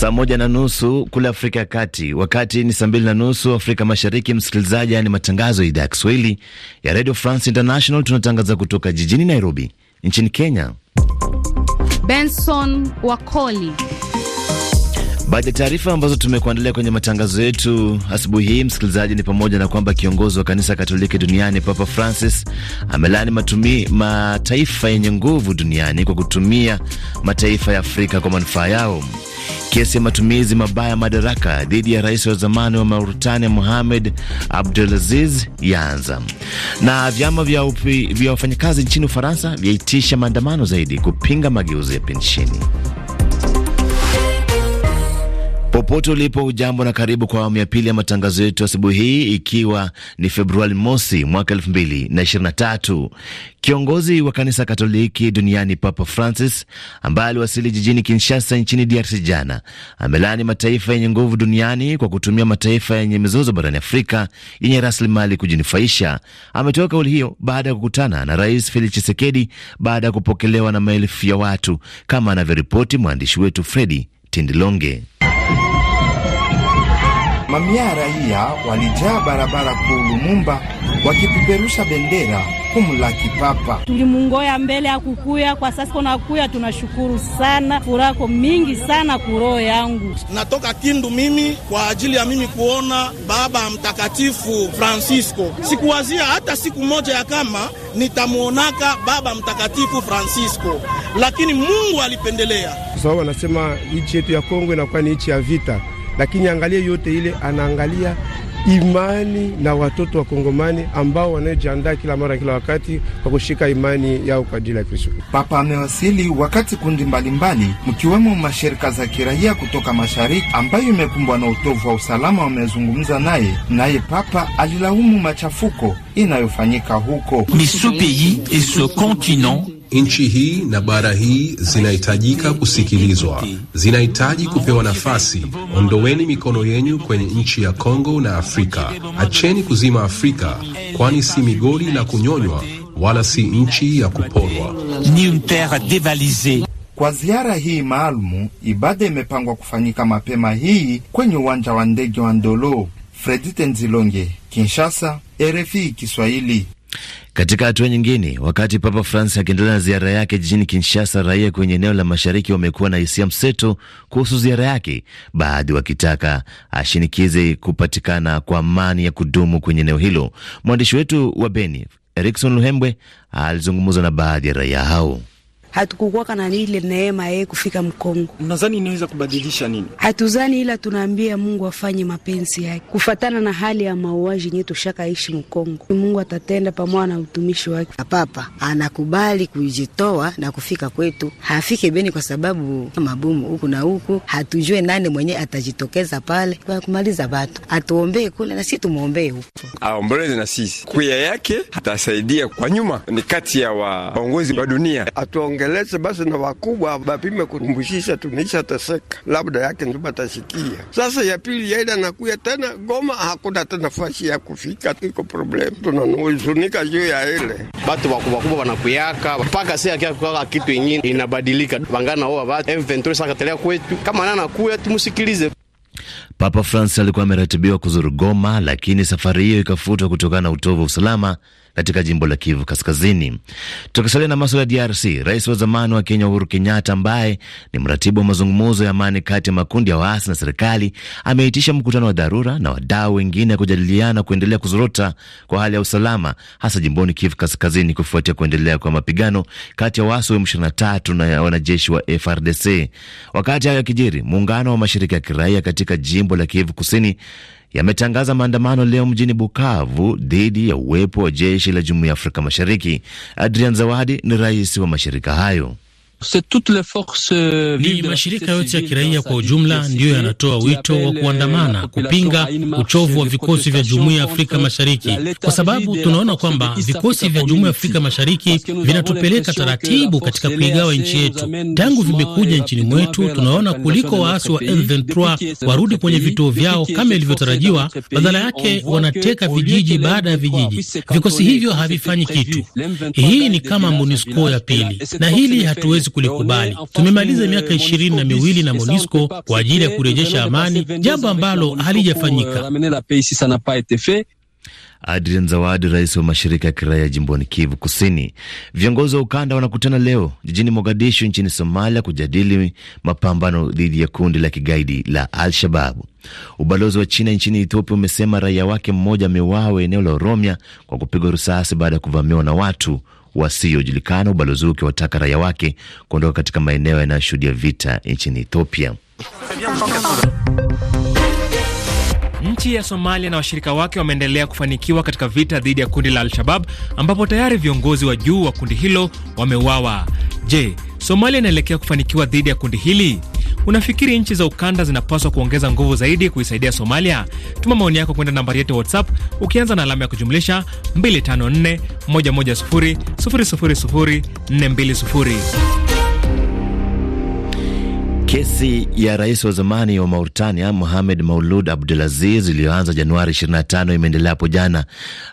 Saa moja na nusu kule Afrika ya Kati, wakati ni saa mbili na nusu Afrika Mashariki. Msikilizaji, ani ni matangazo ya idhaa ya Kiswahili ya Radio France International. Tunatangaza kutoka jijini Nairobi nchini Kenya. Benson Wakoli. Baadhi ya taarifa ambazo tumekuandalia kwenye matangazo yetu asubuhi hii, msikilizaji, ni pamoja na kwamba kiongozi wa kanisa Katoliki duniani Papa Francis amelaani matumi mataifa yenye nguvu duniani kwa kutumia mataifa ya Afrika kwa manufaa yao kesi ya matumizi mabaya madaraka dhidi ya rais wa zamani wa Mauritania Mohamed Abdulaziz yaanza. Na vyama vya, vya wafanyakazi nchini Ufaransa vyaitisha maandamano zaidi kupinga mageuzi ya pensheni. Popote ulipo ujambo na karibu kwa awamu ya pili ya matangazo yetu asubuhi hii, ikiwa ni Februari mosi mwaka elfu mbili na ishirini na tatu. Kiongozi wa kanisa Katoliki duniani Papa Francis ambaye aliwasili jijini Kinshasa nchini DRC jana amelaani mataifa yenye nguvu duniani kwa kutumia mataifa yenye mizozo barani Afrika yenye rasilimali kujinufaisha. Ametoa kauli hiyo baada ya kukutana na Rais Felix chisekedi baada ya kupokelewa na maelfu ya watu, kama anavyoripoti mwandishi wetu Fredi Tindilonge. Mamia raia walijaa barabara kuu Lumumba wakipeperusha bendera kumlaki papa. Tulimungoya mbele ya kukuya, kwa sasa kuya. tunashukuru sana, furako mingi sana kuroho yangu. Natoka Kindu mimi kwa ajili ya mimi kuona Baba Mtakatifu Francisco. Sikuwazia hata siku moja ya kama nitamwonaka Baba Mtakatifu Francisco, lakini Mungu alipendelea, kwa sababu anasema nchi yetu ya Kongo inakuwa ni nchi ya vita lakini angalie yote ile, anaangalia imani na watoto wa Kongomani ambao wanaojiandaa kila mara kila wakati kwa kushika imani yao kwa ajili ya Kristo. Papa amewasili wakati kundi mbalimbali mkiwemo mashirika za kiraia kutoka mashariki ambayo imekumbwa na utovu wa usalama wamezungumza naye, naye Papa alilaumu machafuko inayofanyika huko. Mais ce pays et ce continent Nchi hii na bara hii zinahitajika kusikilizwa, zinahitaji kupewa nafasi. Ondoweni mikono yenyu kwenye nchi ya Kongo na Afrika. Acheni kuzima Afrika, kwani si migodi la kunyonywa wala si nchi ya kuporwa. Kwa ziara hii maalumu, ibada imepangwa kufanyika mapema hii kwenye uwanja wa ndege wa Ndolo. Fredite Nzilonge, Kinshasa, RFI Kiswahili. Katika hatua nyingine, wakati Papa Francis akiendelea na ziara yake jijini Kinshasa, raia kwenye eneo la mashariki wamekuwa na hisia mseto kuhusu ziara yake, baadhi wakitaka ashinikize kupatikana kwa amani ya kudumu kwenye eneo hilo. Mwandishi wetu wa Beni Erikson Luhembwe alizungumza na baadhi ya raia hao hatukukuwaka na ile neema yeye kufika Mkongo. nazani inaweza kubadilisha nini? Hatuzani, ila tunaambia Mungu afanye mapenzi yake kufatana na hali ya mauaji yenyewe tushakaishi Mkongo. Mungu atatenda pamoja na utumishi wake. Papa anakubali kujitoa na kufika kwetu, hafike Beni kwa sababu mabomu huku na huku, hatujue nani mwenye atajitokeza pale kwa kumaliza vatu. Atuombee kule na sisi tumwombee huku aombolezi na sisi kuya yake, atasaidia kwa nyuma. Ni kati ya waongozi wa dunia Atuong waongeleze basi na wakubwa bapime kurumbushisha, tunaisha teseka, labda yake ndio batashikia. Sasa ya pili yaida nakuya tena Goma, hakuna tena fasi ya kufika, iko problem, tunanuzunika juu ya ile batu wakubwa kubwa wanakuyaka mpaka si akiakaka kitu ingine inabadilika, wangana oa batu M23 sakatelea kwetu, kama nana kuya tumusikilize. Papa Francis alikuwa ameratibiwa kuzuru Goma, lakini safari hiyo ikafutwa kutokana na utovu wa usalama katika jimbo la Kivu Kaskazini. Tukisalia na maswala ya DRC, rais wa zamani wa Kenya Uhuru Kenyatta, ambaye ni mratibu wa mazungumzo ya amani kati ya makundi ya waasi na serikali, ameitisha mkutano wa dharura na wadau wengine ya kujadiliana kuendelea kuzorota kwa hali ya usalama, hasa jimboni Kivu Kaskazini, kufuatia kuendelea kwa mapigano kati ya waasi wa M23 na wanajeshi wa FRDC. Wakati hayo yakijiri, muungano wa mashirika ya kiraia katika jimbo la Kivu Kusini yametangaza maandamano leo mjini Bukavu dhidi ya uwepo wa jeshi la Jumuiya ya Afrika Mashariki. Adrian Zawadi ni rais wa mashirika hayo. Ni euh, mashirika yote ya kiraia kwa ujumla ndiyo yanatoa wito wa kuandamana kupinga uchovu wa vikosi vya Jumuiya ya Afrika Mashariki, kwa sababu tunaona kwamba vikosi vya Jumuiya ya Afrika Mashariki vinatupeleka taratibu katika kuigawa nchi e yetu. Tangu vimekuja nchini mwetu, tunaona kuliko waasi wa M23 warudi kwenye vituo vyao kama ilivyotarajiwa, badala yake wanateka vijiji baada ya e vijiji. Vikosi hivyo havifanyi kitu. Hii ni kama MONUSCO ya pili, na hili hatuwezi hatuwezi kulikubali. Tumemaliza miaka ishirini na miwili na MONUSCO kwa ajili ya kurejesha amani, jambo ambalo halijafanyika. Adrian Zawadi, rais wa mashirika ya kiraia jimboni Kivu Kusini. Viongozi wa ukanda wanakutana leo jijini Mogadishu nchini Somalia kujadili mapambano dhidi ya kundi la kigaidi la Al-Shababu. Ubalozi wa China nchini Ethiopia umesema raia wake mmoja ameuawa eneo la Oromia kwa kupigwa risasi baada ya kuvamiwa na watu wasiojulikana. Ubalozi huu ukiwataka raia wake kuondoka katika maeneo yanayoshuhudia vita nchini Ethiopia. Nchi ya Somalia na washirika wake wameendelea kufanikiwa katika vita dhidi ya kundi la Al-Shabab ambapo tayari viongozi wa juu wa kundi hilo wameuawa. Je, Somalia inaelekea kufanikiwa dhidi ya kundi hili? Unafikiri nchi za ukanda zinapaswa kuongeza nguvu zaidi kuisaidia Somalia? Tuma maoni yako kwenda nambari yetu WhatsApp ukianza na alama ya kujumlisha 254 110 000 420. Kesi ya rais wa zamani wa Mauritania Mohamed Maulud Abdulaziz iliyoanza Januari 25 imeendelea hapo jana,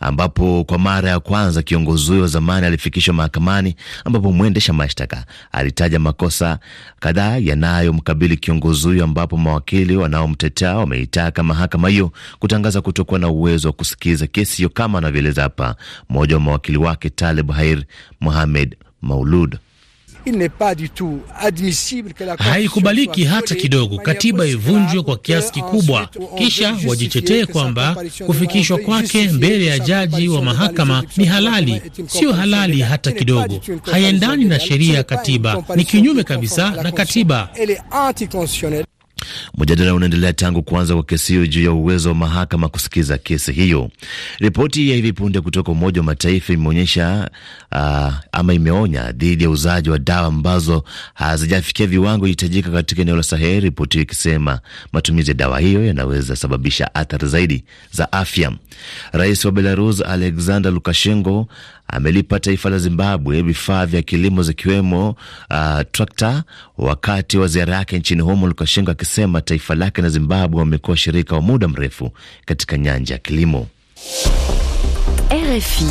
ambapo kwa mara ya kwanza kiongozi huyo wa zamani alifikishwa mahakamani, ambapo mwendesha mashtaka alitaja makosa kadhaa yanayomkabili kiongozi huyo, ambapo mawakili wanaomtetea wameitaka mahakama hiyo kutangaza kutokuwa na uwezo wa kusikiza kesi hiyo, kama anavyoeleza hapa mmoja wa mawakili wake Taleb Hair Mohamed Maulud. Haikubaliki hata kidogo katiba ivunjwe kwa kiasi kikubwa, kisha wajitetee kwamba kufikishwa kwake mbele ya jaji wa mahakama ni halali. Sio halali hata kidogo, haiendani na sheria ya katiba, ni kinyume kabisa na katiba. Mjadala unaendelea tangu kuanza kwa kesi hiyo juu ya uwezo wa mahakama kusikiza kesi hiyo. Ripoti ya hivi punde kutoka Umoja wa Mataifa imeonyesha uh, ama imeonya dhidi ya uzaji wa dawa ambazo hazijafikia viwango hitajika katika eneo la Sahel, ripoti hiyo ikisema matumizi ya dawa hiyo yanaweza sababisha athari zaidi za afya. Rais wa Belarus Alexander Lukashenko amelipa taifa la Zimbabwe vifaa vya kilimo zikiwemo uh, trakta wakati wa ziara yake nchini humo, Lukashenko akisema kwamba taifa lake na Zimbabwe wamekuwa washirika wa muda mrefu katika nyanja ya kilimo. RFI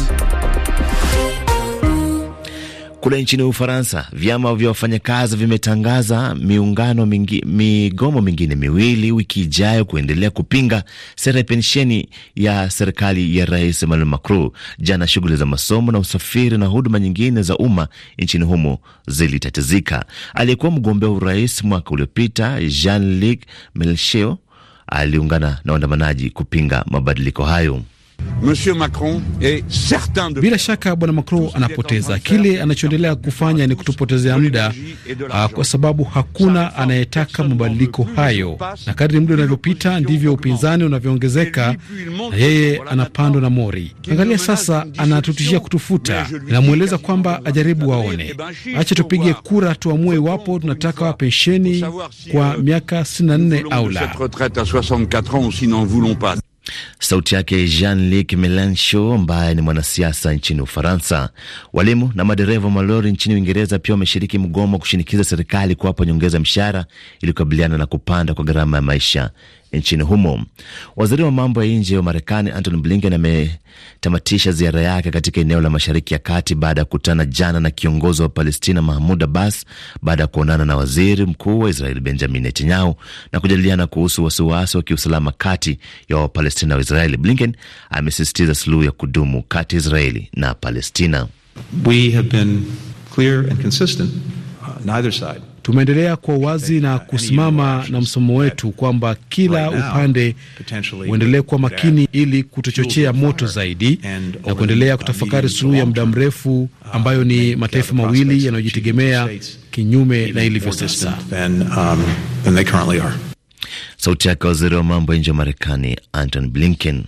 kule nchini Ufaransa, vyama vya wafanyakazi vimetangaza miungano mingi, migomo mingine miwili wiki ijayo kuendelea kupinga sera ya pensheni ya serikali ya Rais Emmanuel Macron. Jana shughuli za masomo na usafiri na huduma nyingine za umma nchini humo zilitatizika. Aliyekuwa mgombea urais mwaka uliopita Jean-Luc Melenchon aliungana na waandamanaji kupinga mabadiliko hayo. Monsieur Macron est certain de... Bila shaka bwana Macron anapoteza. Kile anachoendelea kufanya ni kutupotezea muda, ah, kwa sababu hakuna anayetaka mabadiliko hayo, na kadri muda unavyopita ndivyo upinzani unavyoongezeka na yeye anapandwa na mori. Angalia sasa, anatutishia kutufuta. inamweleza kwamba ajaribu waone, acha tupige kura tuamue iwapo tunataka pensheni kwa euh, miaka 64 au la. Sauti yake Jean-Luc Melancho, ambaye ni mwanasiasa nchini Ufaransa. Walimu na madereva malori nchini Uingereza pia wameshiriki mgomo wa kushinikiza serikali kuwapa nyongeza mshahara ili kukabiliana na kupanda kwa gharama ya maisha nchini humo. Waziri wa mambo ya nje wa Marekani Antony Blinken ametamatisha ziara yake katika eneo la Mashariki ya Kati baada ya kukutana jana na kiongozi wa Palestina Mahmud Abbas baada ya kuonana na waziri mkuu wa Israeli Benjamin Netanyahu na kujadiliana kuhusu wasiwasi wa kiusalama kati ya Wapalestina wa Israeli. Blinken amesisitiza suluhu ya kudumu kati ya Israeli na Palestina. We have been clear and consistent uh, side. Tumeendelea kwa wazi na kusimama na msomo wetu kwamba kila upande uendelee kuwa makini ili kutochochea moto zaidi na kuendelea kutafakari suluhu ya muda mrefu uh, ambayo ni mataifa mawili yanayojitegemea kinyume na ilivyo sasa. Um, Sauti yake waziri wa mambo ya nje wa Marekani Anton Blinken.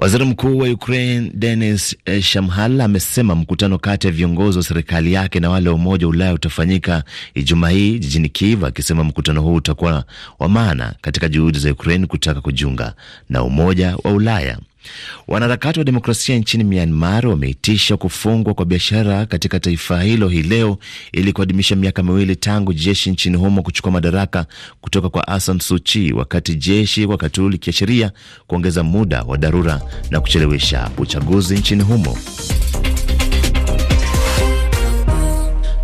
Waziri mkuu wa Ukraine Denis eh, Shamhal amesema mkutano kati ya viongozi wa serikali yake na wale wa Umoja wa Ulaya utafanyika Ijumaa hii jijini Kiev, akisema mkutano huu utakuwa wa maana katika juhudi za Ukraine kutaka kujiunga na Umoja wa Ulaya. Wanaharakati wa demokrasia nchini Myanmar wameitisha kufungwa kwa biashara katika taifa hilo hii leo ili kuadhimisha miaka miwili tangu jeshi nchini humo kuchukua madaraka kutoka kwa Aung Suu Kyi, wakati jeshi wakati huu likiashiria kuongeza muda wa dharura na kuchelewesha uchaguzi nchini humo.